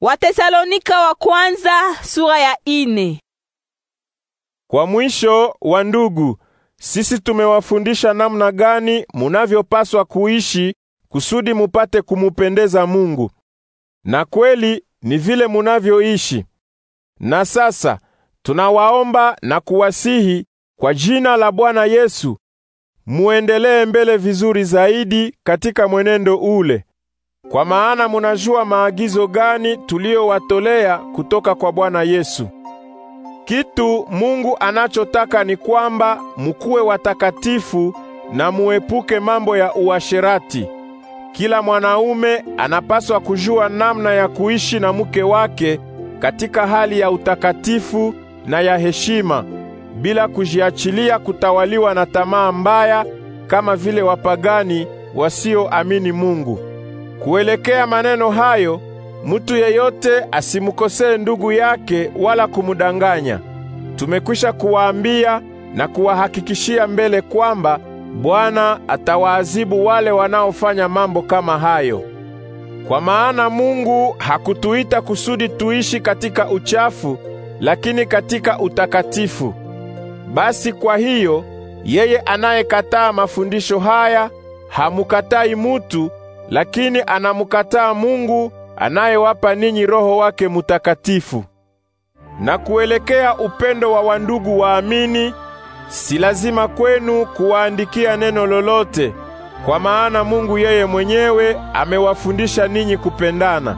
Watesalonika wa kwanza sura ya ine. Kwa mwisho wa ndugu, sisi tumewafundisha namna gani munavyopaswa kuishi kusudi mupate kumupendeza Mungu. Na kweli ni vile munavyoishi. Na sasa tunawaomba na kuwasihi kwa jina la Bwana Yesu muendelee mbele vizuri zaidi katika mwenendo ule. Kwa maana munajua maagizo gani tuliyowatolea kutoka kwa Bwana Yesu. Kitu Mungu anachotaka ni kwamba mukuwe watakatifu na muepuke mambo ya uasherati. Kila mwanaume anapaswa kujua namna ya kuishi na mke wake katika hali ya utakatifu na ya heshima, bila kujiachilia kutawaliwa na tamaa mbaya kama vile wapagani wasioamini Mungu. Kuelekea maneno hayo, mtu yeyote asimkosee ndugu yake wala kumdanganya. Tumekwisha kuwaambia na kuwahakikishia mbele kwamba Bwana atawaadhibu wale wanaofanya mambo kama hayo. Kwa maana Mungu hakutuita kusudi tuishi katika uchafu, lakini katika utakatifu. Basi kwa hiyo, yeye anayekataa mafundisho haya hamukatai mutu lakini anamukataa Mungu anayewapa ninyi Roho wake Mutakatifu. Na kuelekea upendo wa wandugu waamini, si lazima kwenu kuwaandikia neno lolote, kwa maana Mungu yeye mwenyewe amewafundisha ninyi kupendana.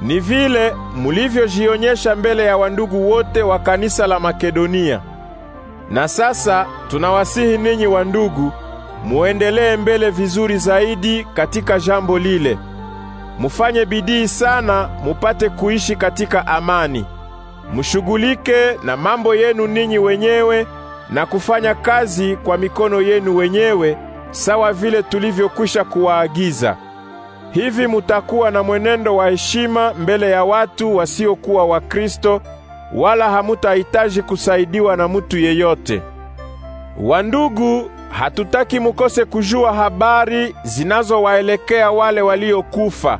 Ni vile mulivyojionyesha mbele ya wandugu wote wa kanisa la Makedonia. Na sasa tunawasihi ninyi wandugu muendelee mbele vizuri zaidi katika jambo lile. Mufanye bidii sana mupate kuishi katika amani. Mushughulike na mambo yenu ninyi wenyewe na kufanya kazi kwa mikono yenu wenyewe sawa vile tulivyokwisha kuwaagiza. Hivi mutakuwa na mwenendo wa heshima mbele ya watu wasiokuwa Wakristo wala hamutahitaji kusaidiwa na mutu yeyote. Wandugu, hatutaki mukose kujua habari zinazowaelekea wale waliokufa,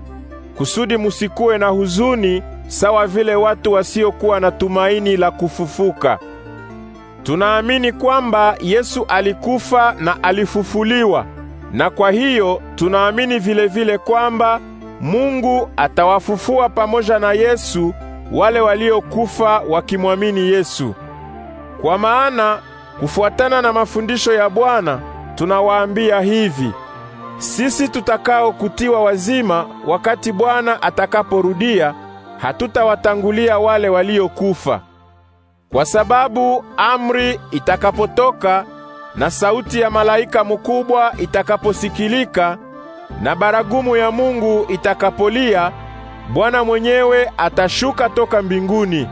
kusudi musikuwe na huzuni sawa vile watu wasiokuwa na tumaini la kufufuka. Tunaamini kwamba Yesu alikufa na alifufuliwa, na kwa hiyo tunaamini vile vile kwamba Mungu atawafufua pamoja na Yesu wale waliokufa wakimwamini Yesu. Kwa maana Kufuatana na mafundisho ya Bwana tunawaambia hivi: sisi tutakao kutiwa wazima wakati Bwana atakaporudia, hatutawatangulia wale waliokufa. Kwa sababu amri itakapotoka na sauti ya malaika mkubwa itakaposikilika na baragumu ya Mungu itakapolia, Bwana mwenyewe atashuka toka mbinguni.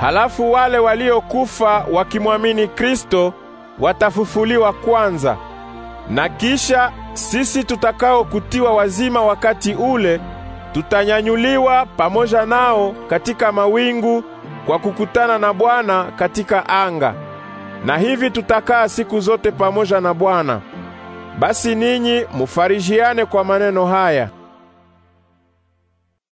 Halafu wale waliokufa wakimwamini Kristo watafufuliwa kwanza, na kisha sisi tutakaokutiwa wazima wakati ule tutanyanyuliwa pamoja nao katika mawingu kwa kukutana na Bwana katika anga, na hivi tutakaa siku zote pamoja na Bwana. Basi ninyi mufarijiane kwa maneno haya.